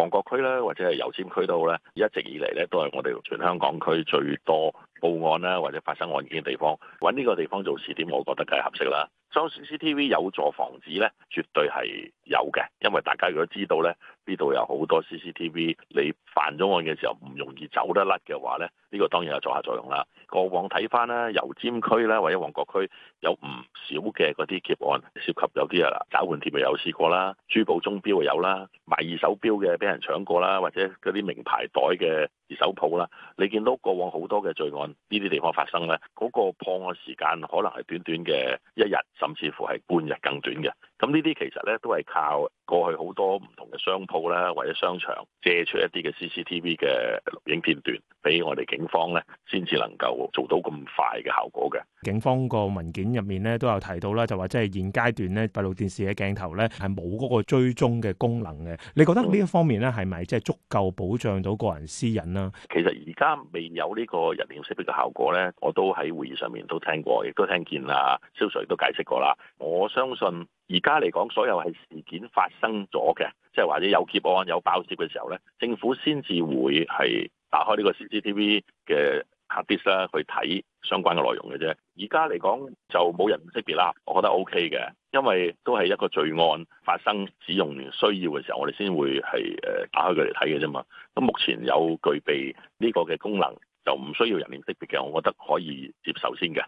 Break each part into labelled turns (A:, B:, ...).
A: 旺角區咧，或者係油尖區都好咧，一直以嚟咧都係我哋全香港區最多報案啦，或者發生案件嘅地方，揾呢個地方做試點，我覺得梗係合適啦。裝 CCTV 有助防止呢，絕對係有嘅，因為大家如果知道呢，呢度有好多 CCTV，你犯咗案嘅時候唔容易走得甩嘅話呢，呢、呢個當然有助下作用啦。過往睇翻啦，油尖區啦，或者旺角區有唔少嘅嗰啲劫案，涉及有啲啊，找換貼啊有試過啦，珠寶鐘錶啊有啦，賣二手錶嘅俾人搶過啦，或者嗰啲名牌袋嘅。二手鋪啦，你見到過往好多嘅罪案呢啲地方發生咧，嗰個破案時間可能係短短嘅一日，甚至乎係半日更短嘅。咁呢啲其實咧都係靠過去好多唔同嘅商鋪啦，或者商場借出一啲嘅 CCTV 嘅錄影片段俾我哋警方咧，先至能夠做到咁
B: 快嘅效果嘅。警方個文件入面咧都有提到啦，就話即係現階段咧，閉路電視嘅鏡頭咧係冇嗰個追蹤嘅功能嘅。你覺得呢一方面咧係咪即係足夠保障到個人私隱啦、嗯嗯？
A: 其實而家未有呢個人臉識別嘅效果咧，我都喺會議上面都聽過，亦都聽見啊，蕭 Sir 都解釋過啦。我相信。而家嚟講，所有係事件發生咗嘅，即係或者有劫案、有爆竊嘅時候咧，政府先至會係打開呢個 CCTV 嘅 hard disk 啦，去睇相關嘅內容嘅啫。而家嚟講就冇人臉識別啦，我覺得 OK 嘅，因為都係一個罪案發生使用需要嘅時候，我哋先會係誒打開佢嚟睇嘅啫嘛。咁目前有具備呢個嘅功能，就唔需要人臉識別嘅，我覺得可以接受先嘅。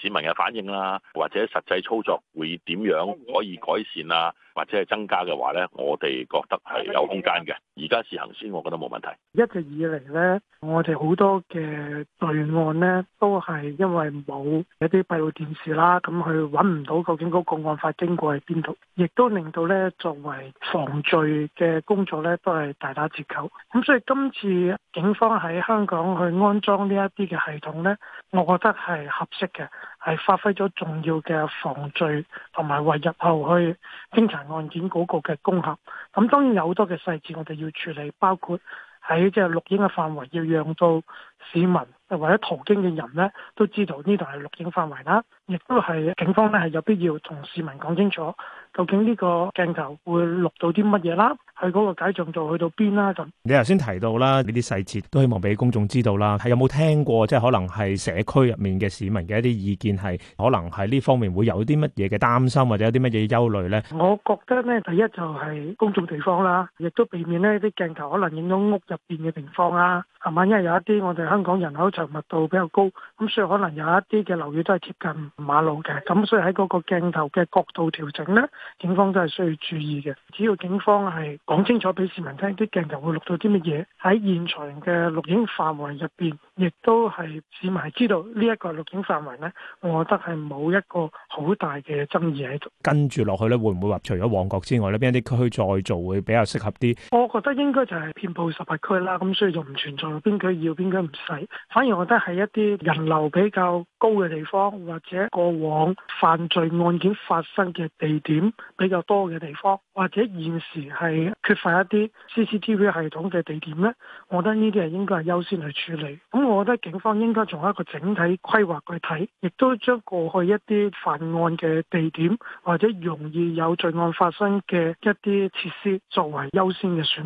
A: 市民嘅反應啦、啊，或者實際操作會點樣可以改善啊，或者係增加嘅話呢，我哋覺得係有空間嘅。而家試行先，我覺得冇問題。
C: 一直以嚟呢，我哋好多嘅罪案呢，都係因為冇一啲閉路電視啦，咁佢揾唔到究竟嗰個案發經過喺邊度，亦都令到呢，作為防罪嘅工作呢，都係大打折扣。咁所以今次警方喺香港去安裝呢一啲嘅系統呢，我覺得係合適。嘅係發揮咗重要嘅防罪，同埋為日後去偵查案件嗰個嘅功效。咁當然有好多嘅細節我哋要處理，包括喺即係錄影嘅範圍要讓到市民，或者途經嘅人咧都知道呢度係錄影範圍啦。亦都係警方咧係有必要同市民講清楚，究竟呢個鏡頭會錄到啲乜嘢啦。喺嗰個解像度去到邊啦？咁
B: 你頭先提到啦，呢啲細節都希望俾公眾知道啦。係有冇聽過？即係可能係社區入面嘅市民嘅一啲意見，係可能喺呢方面會有啲乜嘢嘅擔心，或者有啲乜嘢憂慮呢？
C: 我覺得呢，第一就係公眾地方啦，亦都避免呢啲鏡頭可能影到屋入邊嘅情況啦。同埋，因為有一啲我哋香港人口稠密度比較高，咁所以可能有一啲嘅樓宇都係貼近馬路嘅。咁所以喺嗰個鏡頭嘅角度調整呢，警方都係需要注意嘅。只要警方係。講清楚俾市民聽，啲鏡頭會錄到啲乜嘢？喺現場嘅錄影範圍入邊，亦都係市民係知道呢一個錄影範圍呢。我覺得係冇一個好大嘅爭議喺度。
B: 跟住落去呢，會唔會話除咗旺角之外呢，邊一啲區再做會比較適合啲？
C: 我覺得應該就係遍佈十八區啦，咁所以就唔存在邊區要邊區唔使。反而我覺得係一啲人流比較高嘅地方，或者過往犯罪案件發生嘅地點比較多嘅地方，或者現時係缺乏一啲 CCTV 系統嘅地點呢，我覺得呢啲係應該係優先去處理。咁我覺得警方應該從一個整體規劃去睇，亦都將過去一啲犯案嘅地點或者容易有罪案發生嘅一啲設施作為優先嘅選擇。